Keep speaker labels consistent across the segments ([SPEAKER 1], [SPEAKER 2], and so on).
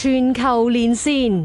[SPEAKER 1] 全球連線，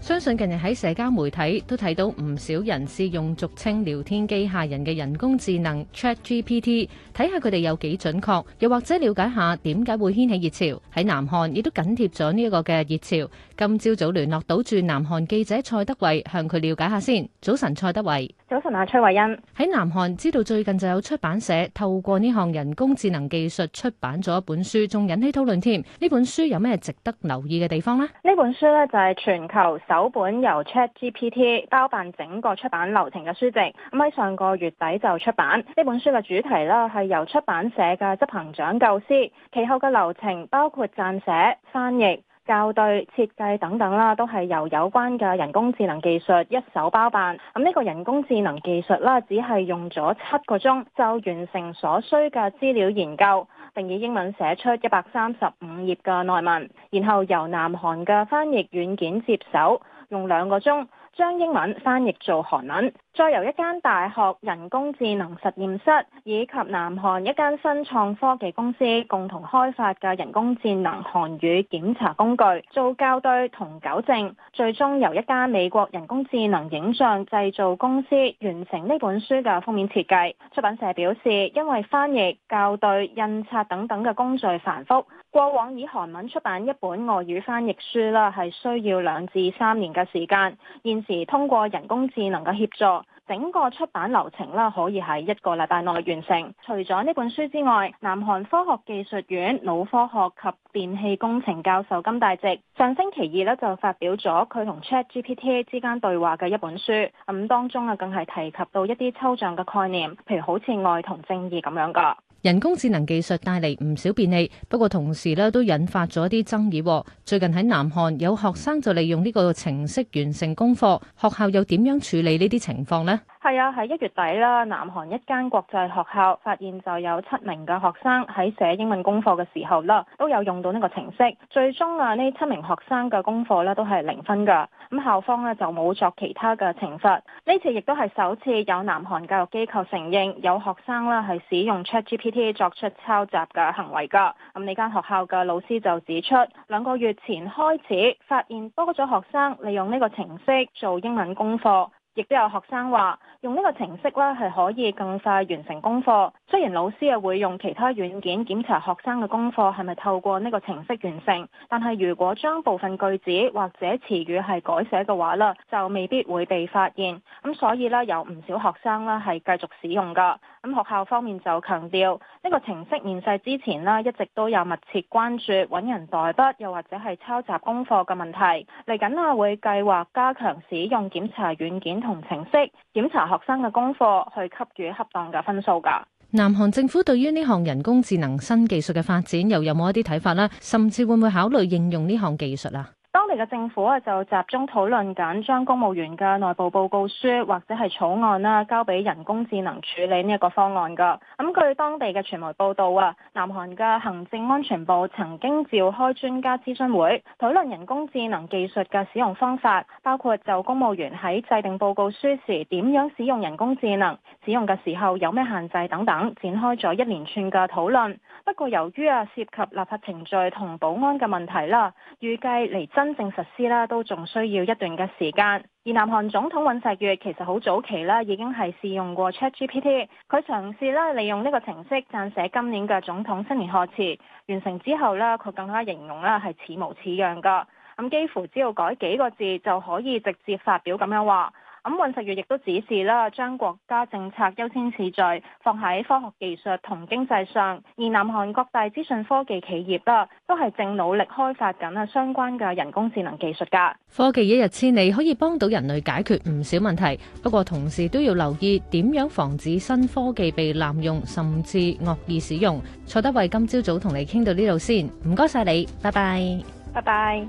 [SPEAKER 1] 相信近日喺社交媒體都睇到唔少人士用俗稱聊天機械人嘅人工智能 ChatGPT，睇下佢哋有幾準確，又或者了解下點解會掀起熱潮。喺南韓亦都緊貼咗呢一個嘅熱潮。今朝早聯絡到駐南韓記者蔡德蕙，向佢了解下先。早晨，蔡德蕙。早晨，阿崔蔚恩。喺南韓，知道最近就有出版社透過呢項人工智能技術出版咗一本書，仲引起討論添。呢本書有咩值得留意嘅地方呢？
[SPEAKER 2] 呢本書咧就係全球首本由 ChatGPT 包辦整個出版流程嘅書籍。咁喺上個月底就出版。呢本書嘅主題啦，係由出版社嘅執行長構思，其後嘅流程包括撰寫、翻譯。校對、設計等等啦，都係由有關嘅人工智能技術一手包辦。咁呢個人工智能技術啦，只係用咗七個鐘就完成所需嘅資料研究，並以英文寫出一百三十五頁嘅內文，然後由南韓嘅翻譯軟件接手，用兩個鐘，將英文翻譯做韓文，再由一間大學人工智能實驗室以及南韓一間新創科技公司共同開發嘅人工智能韓語檢查工具做校對同糾正，最終由一間美國人工智能影像製造公司完成呢本書嘅封面設計。出版社表示，因為翻譯、校對、印刷等等嘅工序繁複，過往以韓文出版一本外語翻譯書啦，係需要兩至三年嘅時間，是通過人工智能嘅協助，整個出版流程啦可以喺一個禮拜內完成。除咗呢本書之外，南韓科學技術院腦科學及電氣工程教授金大直上星期二咧，就發表咗佢同 Chat GPT 之間對話嘅一本書，咁當中啊，更係提及到一啲抽象嘅概念，譬如好似愛同正義咁樣噶。，
[SPEAKER 1] 人工智能技術帶嚟唔少便利，不過同時咧都引發咗一啲爭議。最近喺南韓有學生就利用呢個程式完成功課，學校又點樣處理呢啲情況呢？
[SPEAKER 2] 係啊，喺一月底啦，南韓一間國際學校發現就有七名嘅學生喺寫英文功課嘅時候啦，都有用到呢個程式。最終啊，呢七名學生嘅功課咧都係零分㗎，咁校方呢就冇作其他嘅懲罰。呢次亦都係首次有南韓教育機構承認有學生啦係使用 ChatGPT 作出抄襲嘅行為噶，咁呢間學校嘅老師就指出，兩個月前開始發現多咗學生利用呢個程式做英文功課，亦都有學生話。用呢個程式咧，係可以更快完成功課。雖然老師啊會用其他軟件檢查學生嘅功課係咪透過呢個程式完成，但係如果將部分句子或者詞語係改寫嘅話呢就未必會被發現。咁所以呢，有唔少學生呢係繼續使用噶。咁學校方面就強調，呢個程式面世之前呢，一直都有密切關注揾人代筆又或者係抄襲功課嘅問題。嚟緊啊會計劃加強使用檢查軟件同程式檢查。學生嘅功課去給予恰當嘅分數噶
[SPEAKER 1] 南韓政府對於呢項人工智能新技術嘅發展，又有冇一啲睇法呢？甚至會唔會考慮應用呢項技術啊？
[SPEAKER 2] 當地嘅政府啊，就集中討論緊將公務員嘅內部報告書或者係草案啦，交俾人工智能處理呢一個方案噶。咁據當地嘅傳媒報導啊，南韓嘅行政安全部曾經召開專家諮詢會，討論人工智能技術嘅使用方法，包括就公務員喺制定報告書時點樣使用人工智能，使用嘅時候有咩限制等等，展開咗一連串嘅討論。不過由於啊涉及立法程序同保安嘅問題啦，預計嚟真正實施啦，都仲需要一段嘅時間。而南韓總統尹錫悅其實好早期啦，已經係試用過 ChatGPT。佢嘗試啦利用呢個程式撰寫今年嘅總統新年賀詞。完成之後咧，佢更加形容啦係似模似樣噶，咁幾乎只要改幾個字就可以直接發表咁樣話。咁尹錫悅亦都指示啦，將國家政策優先次序放喺科學技術同經濟上，而南韓各大資訊科技企業啦，都係正努力開發緊啊相關嘅人工智能技術㗎。
[SPEAKER 1] 科技一日千里，可以幫到人類解決唔少問題，不過同時都要留意點樣防止新科技被濫用甚至惡意使用。蔡德蕙今朝早同你傾到呢度先，唔該晒你，拜拜，
[SPEAKER 2] 拜拜。